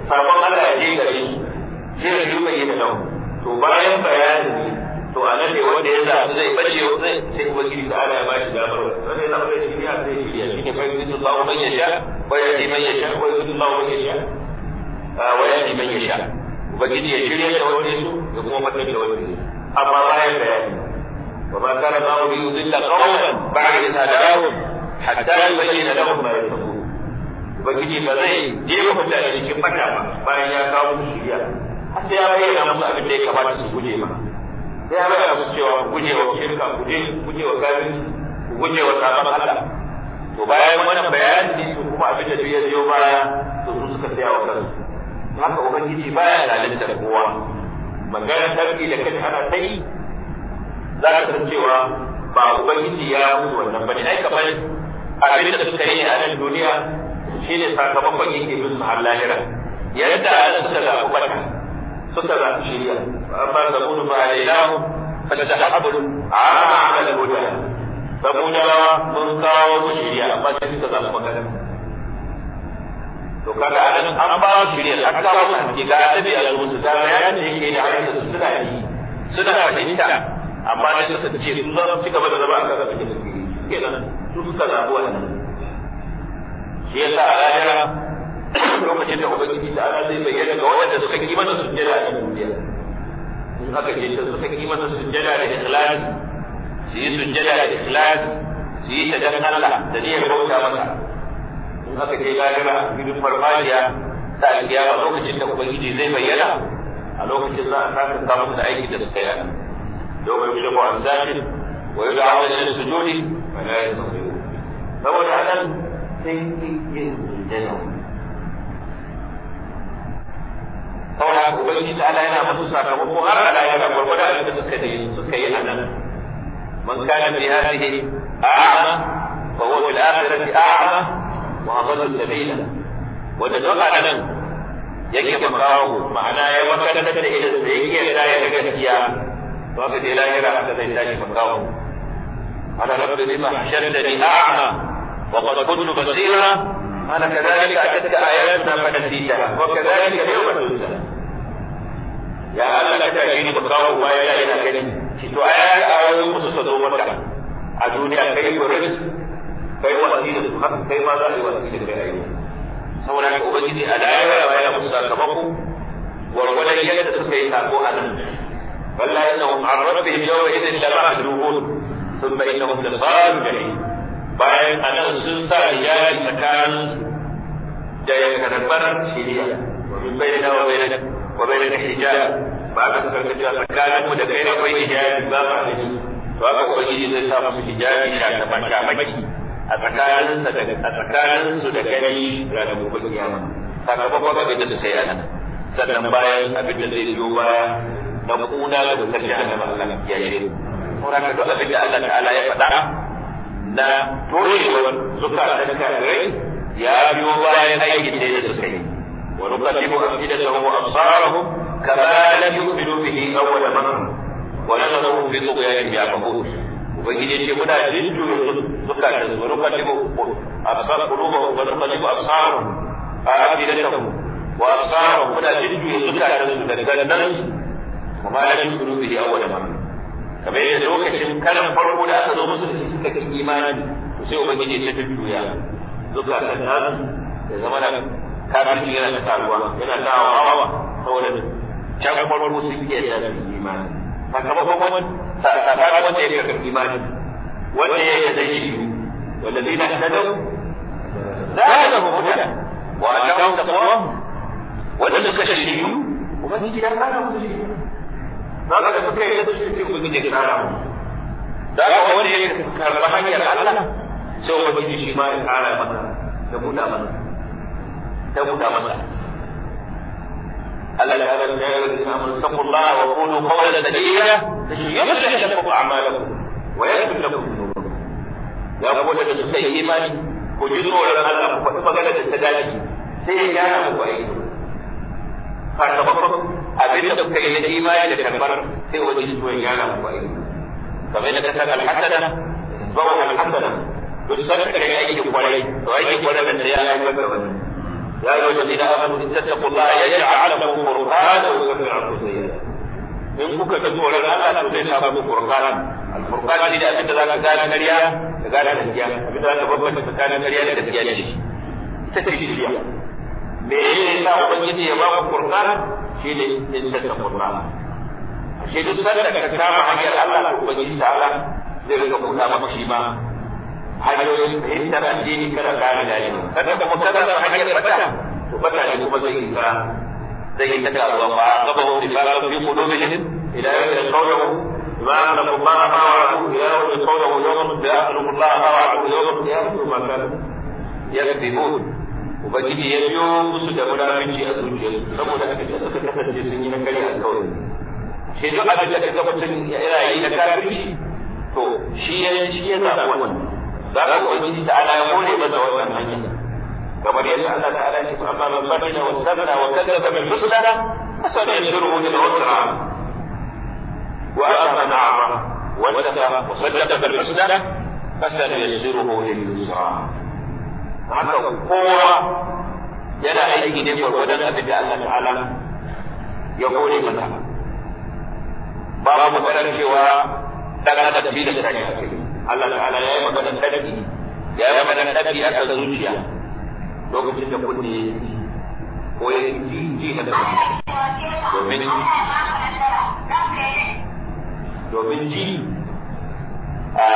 sabon Allah ya je gare sai da bayyana nan to bayan bayanin ne to a nan ne wanda ya zaɓi zai bace zai sai kuma gidi ta ala ba shi damar wanda ya zaɓi zai shirya zai shirya shi ne fa yuzu Allahu man yasha wa yahdi man yasha wa yuzu Allahu man yasha wa ah, yahdi man yasha ubangiji ya shirya da wanda ya ya kuma fatar da wanda ya amma bayan bayani وما كان الله ليضل قوما بعد إذ هداهم حتى يبين لهم ما يتقون ubangiji ba zai je ya hukunta da cikin fata ba sai ya bayyana musu abin da ya kamata su guje ma sai ya bayyana musu cewa ku guje wa shirka ku guje wa kafin ku guje wa sabon Allah to bayan wannan bayani ne su kuma abin da ya biyo baya to su suka tsaya wa kansu haka ubangiji baya lalatar kowa maganar tarki da kaji ana ta yi za ka san cewa ba ubangiji ya mutu wannan bane ai kamar abin da suka yi a nan duniya shine sakamakon yake bin su har lahira yadda a nan suka zaɓi bata suka zaɓi shirya amma da gudu ba a lailahu fata haɓulu a amal guda da gudawa mun mu to kaga anan an ba su shirya an kawo musu ga annabi a rubutu da bayani yake da harshe suna yi suna fahimta amma na suka ce sun zama suka bada zama aka zama cikin kenan su suka zaɓi wannan shi yasa a lahira lokacin da ubangiji ta ana zai bayyana ga wanda suka yi masa sujjada a cikin duniya in haka ce ta suka yi masa sujjada da ikhlas su yi sujjada da ikhlas su yi ta dan Allah da niyyar bauta masa in haka ce gagara bidin farfajiya ta a lokacin da ubangiji zai bayyana a lokacin za a saka samun da aiki da suka yi domin bi da ko an zafi wa yud'auna ila sujudi wa la yastati'un saboda hakan sai yin sujjada Kawai saboda haka ubangiji ta Allah yana musu sakamako har a lahira gwargwadon abin da suka yi suka yi anan man kana fi hadhihi a'ma fa huwa fil akhirati a'ma wa adalla sabila wanda duk anan yake makawo ma'ana ya makarantar da idan da yake yarda ya ga gaskiya to haka dai lahira ka zai tashi makawo ala rabbi lima hashartani a'ma wa qad kuntu basira قال كذلك أتت آياتنا فنسيتها وكذلك اليوم تنسى يا الله كاجيني بكاو ما يا ina gani ki to ayar ayoyin ku su zo maka a duniya kai buris kai wasi da su haka kai ma za a yi wasi da kai ayoyi saboda ka ubangiji a lahira ba ya musu a bayan anan sun sa hijabi tsakanin da ya karbar shirya domin bai da wa bai da wa bai da hijab ba ka san ka cewa tsakanin mu da kai akwai hijabi ba ka gani to haka shi zai sa mu hijabi da banka maki a tsakanin sa da a tsakanin su da gani ga da gobe kiyama sakamakon abin da sai anan sannan bayan abin da zai zo baya na kuna da wutar jahannama Allah ya yi. Mura ka duk abin da Allah ta'ala ya faɗa na toshewar da kare ya biyo bayan aikin da suka yi wa nuqallibu da wa absarahum kama ya yu'minu bihi awwala wa ubangiji ce muna wa wa wa muna da gannan kuma lam yu'minu bihi a marra kamar yadda lokacin karan farko da aka zo musu suka ki imani sai ubangiji ya tuttuya zuka ta nasu da zama da kafin yana ta taruwa yana ta hawa saboda can farko su suke da imani sakamakon sakamakon wanda ya karɓi imani wanda ya yi zai shi wanda zai na tadau zalahum huda wa annahum taqwa wanda suka shiryu ubangiji ya kana musu za ka suka yi ya mu da wanda ya karɓi hanyar Allah sai shi ma ya kara masa da buɗa masa da buɗa masa Allah ya hada wa qawlan sadida yuslih lakum a'malakum wa yaghfir lakum dhunubakum ya ku da imani ku ji tsoron Allah ku faɗi magana da ta dace sai ya gyara muku aiki. abin da kuka yi na imani da karbar sai wajen tuwon gyara muku aiki kamar yadda ta alhassana bawa alhassana duk sanar da ya aiki kwarai to aiki kwarai da ya yi wani يا أيها الذين آمنوا إن تتقوا الله يجعل لكم فرقانا ويغفر عنكم سيئاتكم in kuka ji tsoron Allah to zai sa muku Qur'an al ne da abin da za ka gane ƙarya ka gane gaskiya abin da za ka bambanta tsakanin ƙarya da gaskiya ne ta tafiya Bila begini yang bawa Quran, sila sila Quran. Sila sila kerana hanya Allah bagi salah dengan kebudayaan Muslimah. Hanya hanya bagi ini kerana kami dari. Kerana kebudayaan hanya baca, baca yang kebudayaan kita. Dengan kita Allah, kita bawa di dalam di mulut ini. Ila ila sholoh, Imam Abu Bakar Mawaku, Ila ila sholoh, Yom Dia, Rasulullah Mawaku, Yom Dia, Rasulullah Mawaku, Yom Dia, Rasulullah Mawaku, Yom Dia, Rasulullah Mawaku, ubangiji ya biyo musu da munafici a zuciyarsu saboda haka da suka kasance sun yi na a kawai. sai duk abin da kaga mutum ira yi na kafirci to shi ya shi ya zaɓi wannan za ka ubangiji ta ala ya more masa wannan hanyar. kamar yadda Allah ta ala ce amma man bada wa sabra wa kadzaba min rusula fasanadruhu min usra wa amma man a'ma wa saddaqa wa saddaqa bil husna fasanadruhu lil yusra haka kowa yana aiki ne gwargwadon abin da Allah ta'ala ya kore masa mu maganar cewa daga adam tafi da tsari Allah ta'ala ya yi maganar tafi ya yi maganar tafi a kan zuciya lokacin da kunne ko ya yi ji da domin domin ji a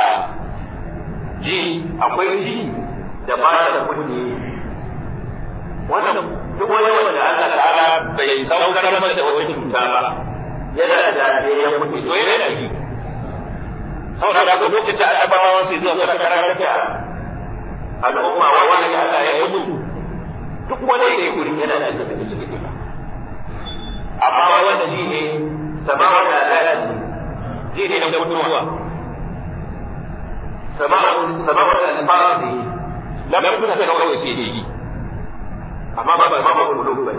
ji akwai ji da ba da kuɗi wannan duk wani wanda aka ta'ala bai saukar masa da cuta ba yana da dafiyayyen kuɗi to yana da shi saboda a lokacin annabawan sai zuwa ta. karanta al'umma wa wani Allah ya yi musu duk wani da ya kuri yana da shi amma wanda shi ne samawa da alaƙa shi ne na mutuwa samawa da alfarazi lamar kuna sai kawai sai yake yi amma ba ba ba ulum ba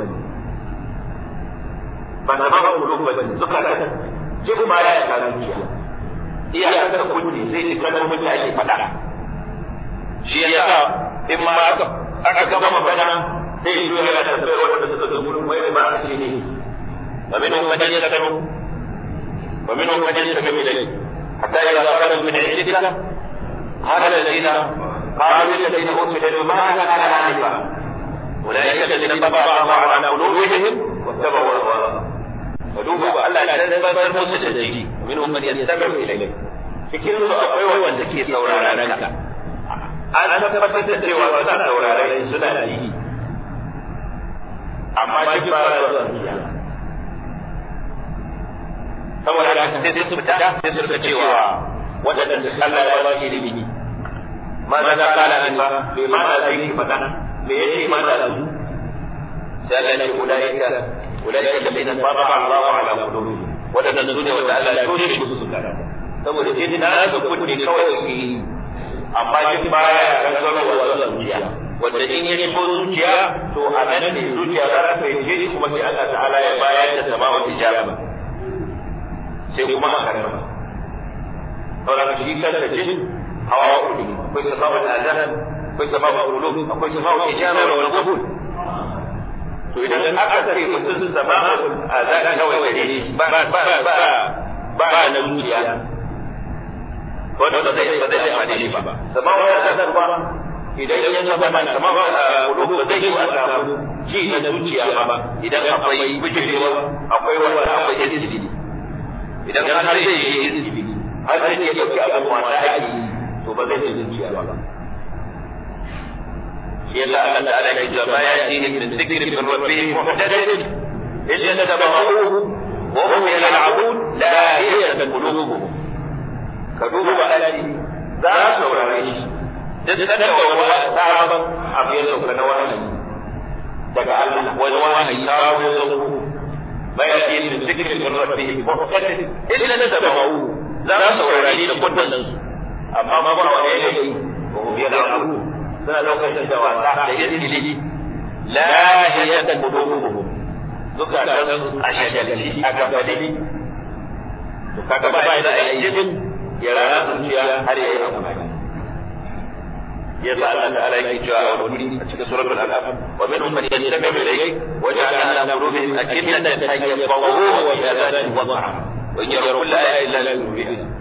ba ba ba ulum ba zukata ji kuma ya ta zuciya iya ta kunni sai ki kadar mutane fada shi yasa in ma aka aka gama magana sai shi ya ta tsaya wanda suka ga gurin mai ba a ce ne wa minhum man yastakbiru wa minhum man yastakbiru hatta idza qala min indika qala alladhina قالوا للذين اوتوا العلم ماذا قال انفا اولئك الذين طبع الله على قلوبهم واتبعوا اهواءهم فدوبوا الله تنبذ المسلمين ومنهم من يستمع اليك cikin su akwai wanda ke sauraron ka an tabbatar da cewa suna sauraron suna yi amma cikin ba zuwa saboda haka sai su fita sai ماذا قال أنفا لماذا ذيك فتح ليجري ماذا له سألني أولئك أولئك الذين طبع الله على قلوبهم waɗannan su wanda Allah saboda jin na su kunne kawai su yi amma jin baya gangarwa wa zuciya wanda in ya shigo zuciya to a nan ne zuciya za ta fahimce shi kuma sai Allah ta'ala ya bayar da samawa ijaba sai kuma a karama saboda shi da jin hawa uku akwai shafa'ul azan akwai shafa'ul ulum akwai shafa'ul ijaba wal qabul to idan aka ce mutum sama'ul azan kawai gare shi ba ba ba ba na zai ba zai amfani shi ba ya azan ba idan ya zama na sama'ul ulum ba zai yi wa samu ji na zuciya ba idan akwai bijirewa akwai wanda akwai idan har zai yi izini har zai yi abubuwan da bai da zuciya ba yasa Allah ya ya ji min zikri illa tabahu wa hum yal'abun la hiya qulubuhum ka duba za ka saurare shi duk da wani sabon abu ya sauka na wahayi daga Allah wani wahayi ya ji min zikri illa tabahu za ka saurare shi da amma ma kuna wani ne shi ko biya da abu suna daukar shi da wasa da yadili lahiyatan qulubuhum zukatan ashadali aka fadi to kaga ba da ayyukan ya rana zuciya har yayi amfani ya sa Allah ta'ala yake cewa a wani a cikin suratul al wa minhum man yastami'u ilayk wa ja'alna ala qulubihim akinnatan an yafqahuhu wa bi wa ta'a wa yajru kulla ayatin la yu'minu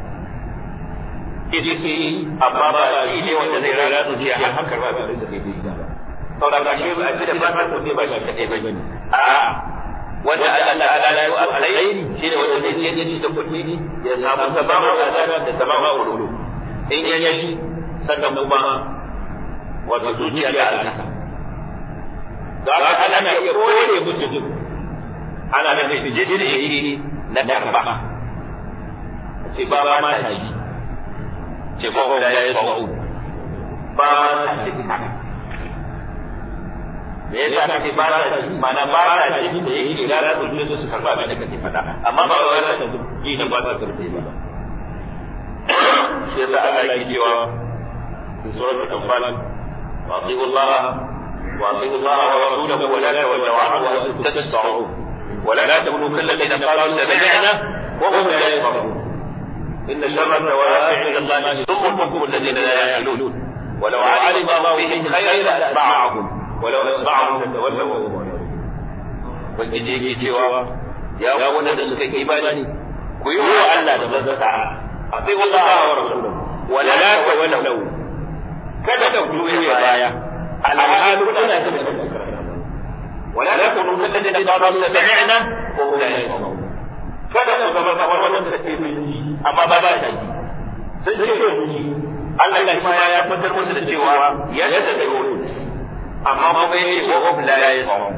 yake yi amma ba shi ne wanda zai hankar ba abin da zai yi saboda ba shi ba shi da ku ne ba shi ba ne wanda Allah ya shi ne wanda zai yi shi da kuɗi ya samu sabama da sabama in sannan kuma wato zuciya da ana iya kore musu duk ana na karba ba ma ta yi وهم لا يشعرون ba ma me yasa kake ba ta ji mana ba ta ji da yake da za su je su karba abin da kake faɗa amma ba wai za ta ji da ba ta karbe ba shi yasa Allah yake cewa suratul anfal wa atiiu Allah wa atiiu Allah wa rasulahu wa la tawallu anhu wa tastasru wa la tabunu kallazina qalu sami'na wa hum la yasma'un إن شر الدواب عند الله ثم الذين لا يعقلون ولو علم الله خيرا ولو Ubangiji yake cewa ya da suka ku yi wa Allah da wala ta wala kada ku baya alhalu kuna da wala da kada ku zama kamar wanda suke mun amma ba ba Allah ya ya fitar musu da cewa ya da da amma kuma yayi wa hum la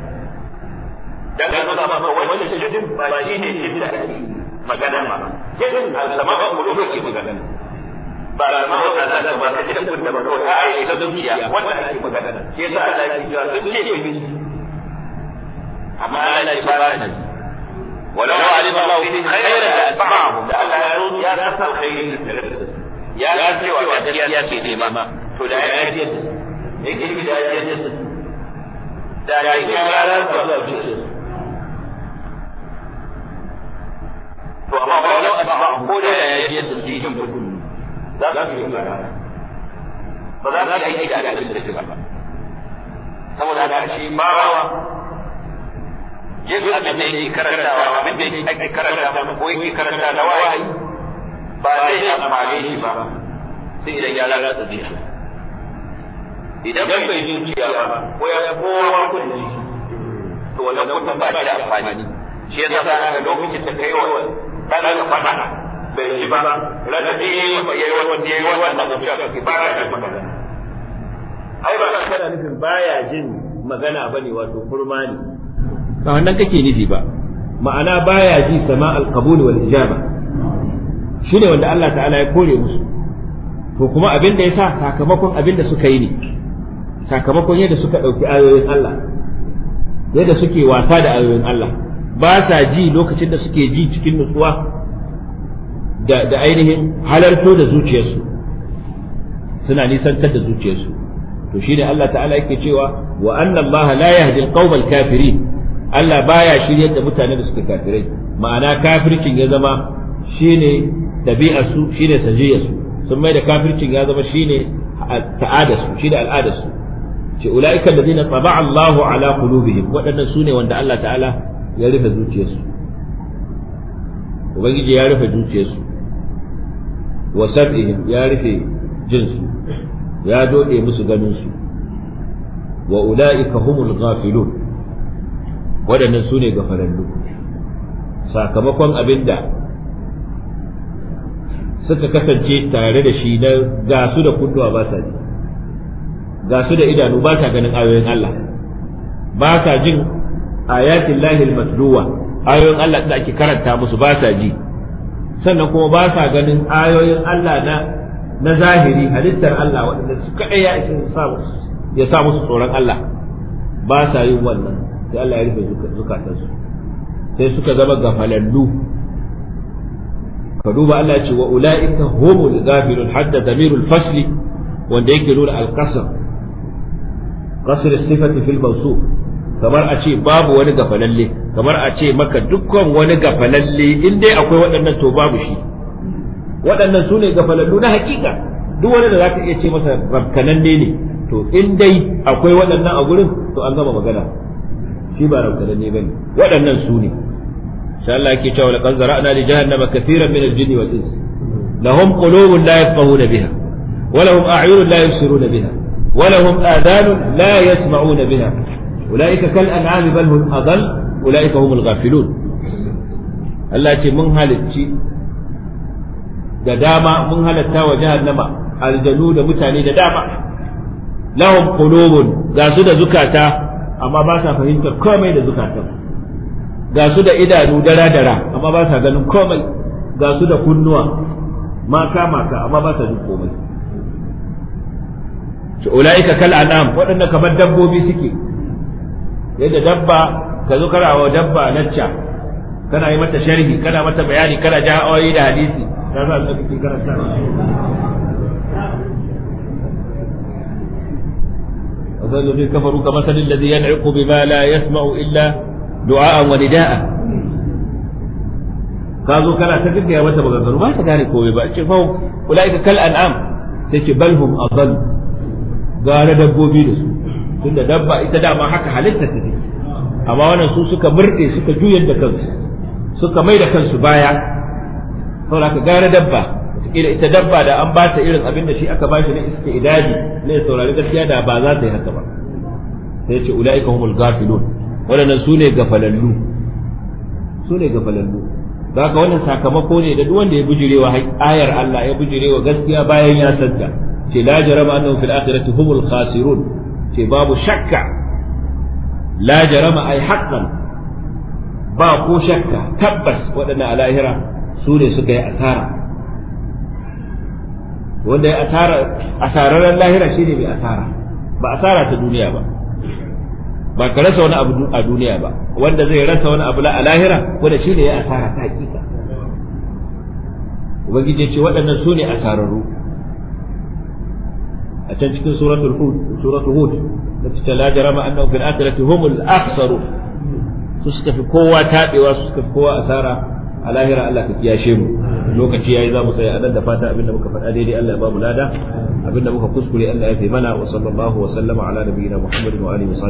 dan ka nuna maka wanda ke jin ba shi ne da magana ma jin al-sama ba mu ke magana ba da ma ta da ba ta jin da ba ko ai ta dukiya wanda ake magana shi yasa Allah ya ji sun ce amma Allah ya fara shi ولو علم الله فيهم خيرا da Allah ya rubu ya kasar khairin da ya ce wa gaskiya ce ne to da ya ce ne girbi da ya ce da ya ce ranar da Allah ya ce to amma walau asma'u ko da ya ce da su za su yi ba za su yi aiki da abin ba saboda haka shi marawa ya zo abin da yake karantawa abin da yake karanta muku ko yake karanta na wahayi ba zai amfane shi ba sai idan ya lalata zuciya idan bai zuciya ba ko ya kowa kunni to wannan kunnin ba shi da amfani shi yasa da lokacin da kai wa dan ka fada bai ji ba radadi ya yi wannan ya yi wannan zuciya ka ba ka magana ai ba kana nufin baya jin magana bane wato kurma ne ba wannan kake nufi ba ma'ana baya ji sama al-qabul wal ijaba shine wanda Allah ta'ala ya kore musu to kuma abin da yasa sakamakon abin da suka yi ne sakamakon yadda suka dauki ayoyin Allah yadda suke wasa da ayoyin Allah ba sa ji lokacin da suke ji cikin nutsuwa da da ainihin halarto da zuciyarsu suna nisantar da zuciyarsu to shine Allah ta'ala yake cewa wa anna Allah la yahdi al kafiri. kafirin Allah baya shiryar da mutane da suke kafirai ma'ana kafircin ya zama shine dabi'ar su shine sajiyar su sun mai da kafircin ya zama shine ta'adar su shine al'adar su ce ulaika alladhina taba'a Allahu ala qulubihim waɗannan sune wanda Allah ta'ala ya rufe zuciyarsu ubangiji ya rufe zuciyarsu wa sab'ihim ya rufe jinsu ya dode musu ganin su wa ulaika humul ghafilun waɗannan su ne gafalallu sakamakon abin da suka kasance tare da shi na gasu da kunduwa ba sa ji gasu da idanu ba sa ganin ayoyin Allah ba sa jin ayatin lahil matluwa ayoyin Allah da ake karanta musu ba sa ji sannan kuma ba sa ganin ayoyin Allah na na zahiri halittar Allah waɗanda su kaɗai ya sa musu tsoron Allah ba sa yin wannan sai Allah ya rufe zukatansu sai suka zama gafalallu ka duba Allah ce wa ula'ika humul gafilun hadda zamirul fasli wanda yake nuna alqasr qasr sifati fil mawsuf kamar a ce babu wani gafalalle kamar a ce maka dukkan wani gafalalle in dai akwai waɗannan to babu shi waɗannan su ne gafalallu na hakika duk wani da zaka iya ce masa rabkananne ne to in dai akwai waɗannan a gurin to an gama magana shi ba raukadanne bane waɗannan su ne sha Allah yake cewa laqad zara'na li jahannama kathiran min al-jinn wal ins lahum qulubun la yafqahuna biha wa lahum a'yunun la yubsiruna biha wa lahum adhanun la yasma'una biha ulaika kal an'ami bal hum adall ulaika humul ghafilun Allah ce mun halicci da dama mun halatta wa jahannama aljanu da mutane da dama lahum qulubun ga su da zukata amma ba sa fahimtar komai da zukatan ga su da idanu dara dara amma ba sa ganin komai ga su da kunnuwa maka maka amma ba sa jin komai to ulaika kal anam waɗanda kamar dabbobi suke yadda dabba ka zo karawa wa dabba lacca kana yi mata sharhi kana mata bayani kana ja'awai da hadisi ka za ka kake karanta مثل الذين كفروا كمثل الذي ينعق بما لا يسمع إلا دعاء ونداء kazo kana ta gaggaya mata maganganu ba ta gane komai ba ce fa ulaika kal an'am sai ce bal hum adall gara da su tunda dabba ita dama haka halitta ta take amma wannan su suka murde suka juyar da kansu mai da kansu baya saboda ka gara dabba kila ita dabba da an ba ta irin abin da shi aka ba shi na iska idadi ne saurari gaskiya da ba za ta yi haka ba sai ce ula'ika humul gafilun wannan su ne gafalallu su ne gafalallu za ka wannan sakamako ne da duk wanda ya bujirewa ayar Allah ya bujirewa gaskiya bayan ya sadda ce la jarama annahum fil akhirati humul khasirun ce babu shakka la jarama ay haqqan ba ko shakka tabbas waɗannan a lahira su ne suka yi asara wanda ya asara asararren lahira shine mai asara ba asara ta duniya ba ba ka rasa wani abu a duniya ba wanda zai rasa wani abu a lahira wanda shine ya asara ta hakika ubangiji ce waɗannan su ne asararru a can cikin suratul hud suratul hud da ta la jarama annahum fil akhirati humul akhsarun su suka fi kowa tabewa su suka fi kowa asara a lahira Allah ka kiyashe mu lokaci yayi za mu tsaya anan da fata abinda muka faɗa daidai Allah ya ba mu lada abinda muka kuskure Allah ya fi mana wa sallallahu wa sallama ala nabiyina Muhammadin wa alihi